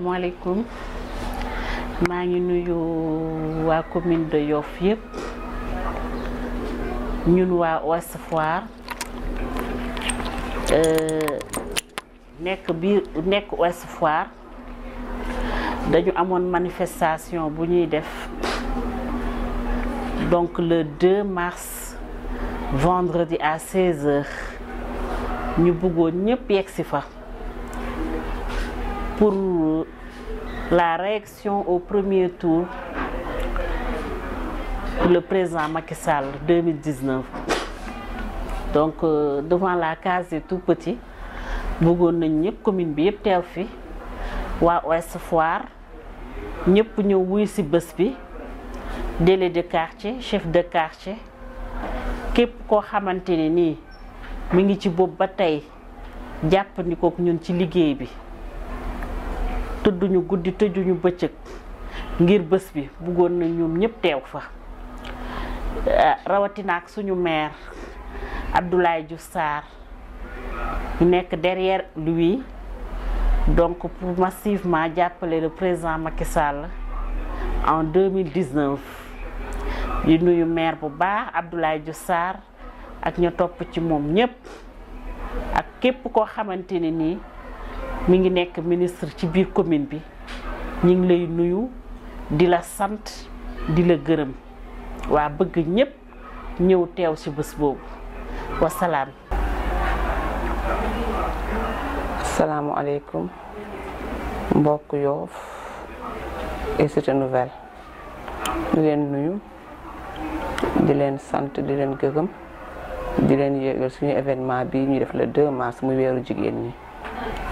maaleykum je ngi nuyu la commune de Yoff Nous ñun waa Ouest Foire euh, nek biir nekk Ouest Foire avons une manifestation bu donc le 2 mars vendredi à 16h nous allons nous yegg pour la réaction au premier tour le président Macky Sall 2019 donc euh, devant la case des tout petit, bëggoon nañ ñëpp commune bi ou teew fi waa Ouest Foire ñëpp ñëw wuy ci bés bi délégué de quartier chef de quartier képp koo xamante ni, nii mi ngi ci bopp ba tey jàpp ni ko ñun ci bi tout guddi tëjuñu ngir bi na ñoom ñëpp teew fa eh, suñu maire Abdoulaye derrière lui donc pour massivement appeler le président en 2019 di nuyu maire bu Abdoulaye ak ñu ci ak képp mi ngi nekk ministre ci biir commune bi ñu ngi lay nuyu di la sant di la gërëm waa bëgg ñépp ñëw teew ci bës boobu wasalaam. asalaamualeykum mbokk yoof et Cité Nouvelle di leen nuyu di leen sant di leen gërëm di leen yégal suñu événement bi ñu def le 2 mars muy weeru jigéen ñi.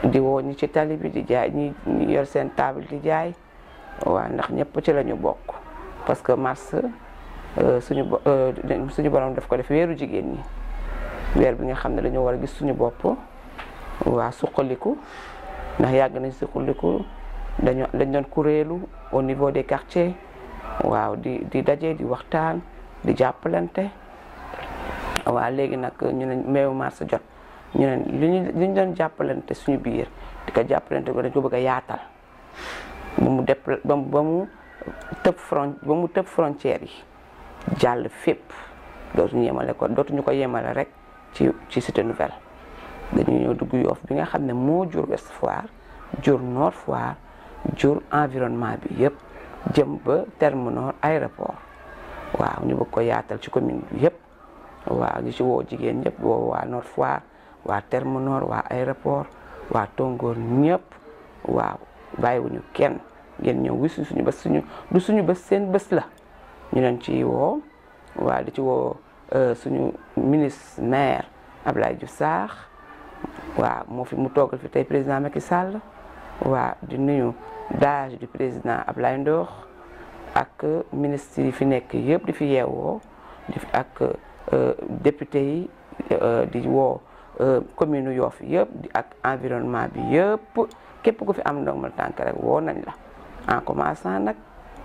di woo ci tali bi di jaay ñi yor seen table di jaay waaw ndax ñëpp ci la ñu bokk parce que mars euh, suñu euh, suñu borom def ko def weeru jigéen ñi weer bi nga xam ne dañoo war a gis suñu bopp waa suqaliku ndax yàgg nañ suqaliku dañu dañ doon kuréelu au niveau des carte waaw di di daje di waxtaan di jàppalante waa léegi nag ñu ne meewu mars jot ñu ne li ñu li ñu doon jàppalante suñu biir di ko jàppalante ko dañ ko bëgg a yaatal ba mu dep ba mu tëb front ba mu tëb frontière yi jàll fépp dootuñu yemale ko dootuñu ko yemale rek ci ci Cité Nouvelle dañuy ñëw dugg Yoff bi nga xam ne moo jur Ouest Foire jur Nord Foire jur environnement bi yëpp jëm ba terme nord aéroport waaw ñu bëgg ko yaatal ci commune bi yëpp waaw ñu ci woo jigéen ñëpp woo waa Nord Foire wa terme nord aéroport wa Tongor, ou wa kenn ngeen suñu suñu du suñu la ñu ci euh, ministre maire fi mu président Macky Sall dage du président Abdoulaye Ndor ak ministre fi nekk di fi euh, député euh, euh, commune yof yep ak environnement bi kep fi am en commençant par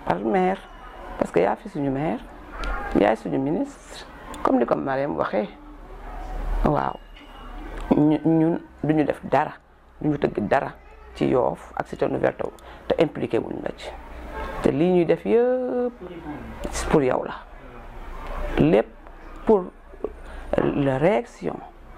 par maire parce que fi suñu maire suñu ministre comme waaw ñun duñu def dara dara ci ak te impliqué wuñ te ñuy def pour yow pour la réaction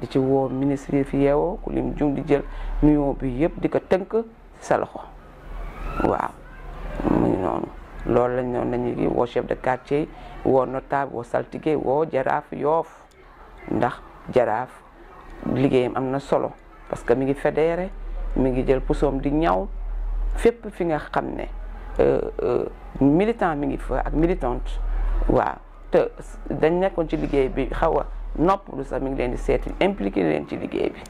di ci woo ministre yi fi yeewoo ku lim jum di jël million bi yëpp di ko tënk ci sa loxo waaw muy noonu loolu lañ noonu lañuy woo chef de quartier woo notable woo saltige woo jaraaf yoof ndax jaraaf liggéeyam am na solo parce que mi ngi fédéré mi ngi jël pusoom di ñaw fépp fi nga xam ne euh, euh, militant mi ngi fa ak militante waaw te dañ nekkoon ci liggéey bi xaw a nopp lu sax mi ngi leen di seeti impliqué leen ci liggéey bi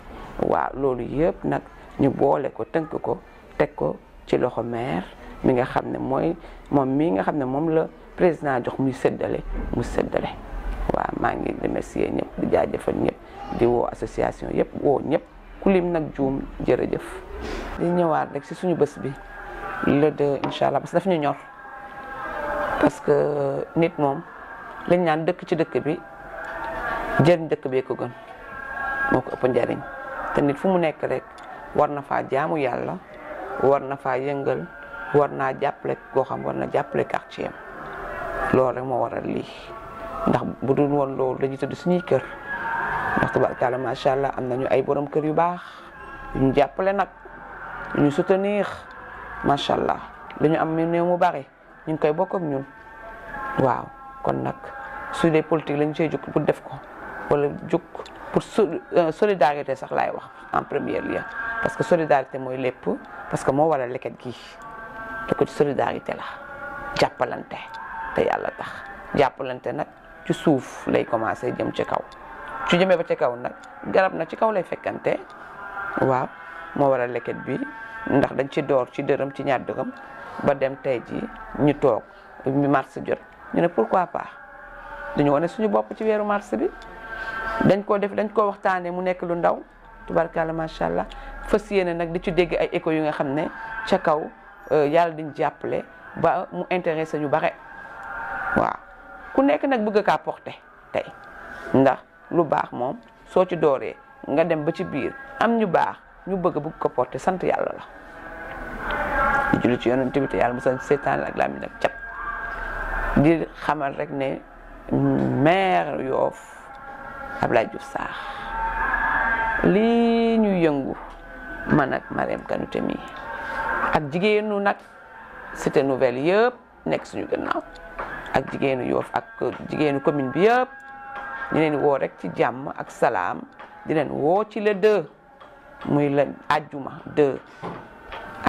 waaw loolu yëpp nag ñu boole ko tënk ko teg ko ci loxo maire mi nga xam ne mooy moom mii nga xam ne moom la président jox muy séddale mu seddale waaw maa ngi remercier ñëpp di jaajëfal ñëpp di woo association yëpp woo ñëpp ku lim nag juum jërëjëf di ñëwaat rek si suñu bës bi le deux incha allah parce que ñor parce que nit moom lañ naan dëkk ci dëkk bi jeun dekk be ko gën moko ëpp njariñ té nit fu mu nekk rek war na faa jaamu yalla war na faa yëngal war naa jàppale koo xam war na jàppale quartier lool rek mo waral li ndax bu dul won lool dañu tuddu suñu kër ndax ma sha allah am nañu ay borom kër yu baax ñu jappalé nak ñu soutenir sha allah li ñu am mu bari ñu ngi koy bokk ak ñun waaw kon nak su dé politique lañ cey juk bu def ko wala jóg pour euh, solidarité sax laay wax en premier lieu parce que solidarité mooy lépp parce que moo waral leket gi te ko solidarité la jàppalante te yàlla tax jàppalante nag ci suuf lay commencé jëm ci kaw su jëmee ba ci kaw nag garab na ci kaw lay fekkante waaw moo waral leket bi ndax dañ ci door ci dërëm ci ñaar dërëm ba dem tey ji ñu toog mi mars jot ñu ne pourquoi pas dañu wane suñu bopp ci weeru mars bi dañ koo def dañ koo waxtaanee mu nekk lu ndaw tubarkalla macha allah fas yéene nag di ci dégg ay éco yu nga xam ne ca kaw euh, yàlla di jàppale ba mu intéressé ñu bare waaw ku nekk nag bëgg kaa porté tey ndax lu baax moom soo ci dooree nga dem ba ci biir am ñu baax ñu bëgg bëgg ko porté sant yàlla la di julli ci yonent bi yàlla mu sant seetaan ak làmmiñ ak cap di xamal rek ne mm, maire Yoff abla Diouf Sarr li ñu yëngu man ak Mariam Kanouté mi ak jigéenu nak cité nouvelle yëpp nek suñu gannaaw ak jigéenu Yoff ak jigéenu commune bi yëpp di leen woo rek ci jamm ak salam di leen woo ci le 2 muy la aljuma 2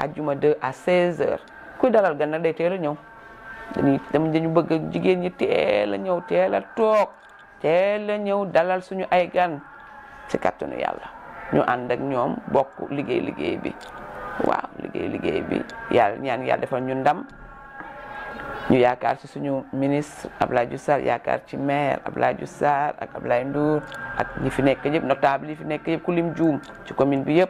aljuma 2 à 16 h ku dalal gan day teel a ñëw dañuy dañu bëgg jigéen ñi teel a ñëw teel a teel a ñëw dalal suñu ay gan ci kàttanu yàlla ñu ànd ak ñoom bokk liggéey liggéey bi waaw liggéey liggéey bi yàlla ñaan yàlla defal ñu ndam ñu yaakaar si suñu ministre Abdoulaye Diouf Sarr yaakaar ci maire Abdoulaye Diouf Sarr ak Abdoulaye Ndour ak ñi fi nekk yëpp notable yi fi nekk ku lim juum ci commune bi yëpp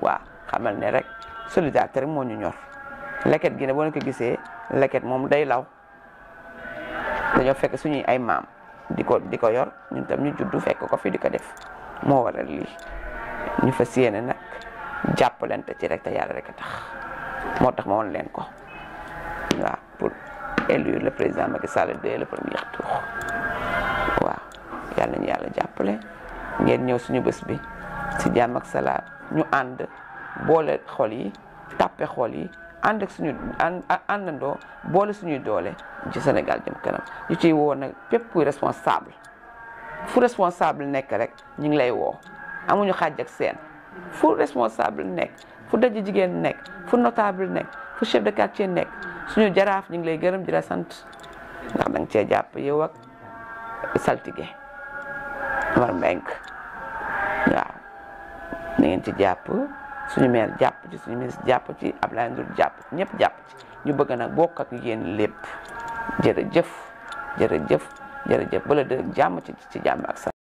waaw xamal ne rek solidarité rek moo ñu ñor leket gi ne boo ko gisee leket moom day law dañoo fekk suñuy ay maam di ko di ko yor ñu tam ñu juddu fekk ko fi di ko def moo waral lii ñu fas yéene nag jàppalante ci rek yàlla rek a tax moo tax ma won leen ko waaw pour élire le président Macky Sall dès le premier tour waaw yàlla ñu yàlla jàppale ngeen ñëw suñu bés bi si jàmm ak salaam ñu ànd boole xool yi tàppe xool yi ànd ak suñu àndandoo boole suñuy doole ci Sénégal jëm kanam ñu ciy woo nag pépp kuy responsable fu responsable nekk rek ñu ngi lay woo amuñu xaaj seen fu responsable nekk fu daj jigéen nekk fu notable nekk fu chef de quartier nekk suñu jaraaf ñu ngi lay gërëm di rasant sant ndax danga cee jàpp yow ak saltige war mbenk waaw na ngeen ci jàpp suñu meer jàpp ci suñu ministre jàpp ci Abdoulaye Ndour jàpp ci ñëpp jàpp ci ñu bëgg nag bokk ak yéen lépp jërëjëf jërëjëf jërëjëf ba la dëgg jàmm ci ci jàmm ak sa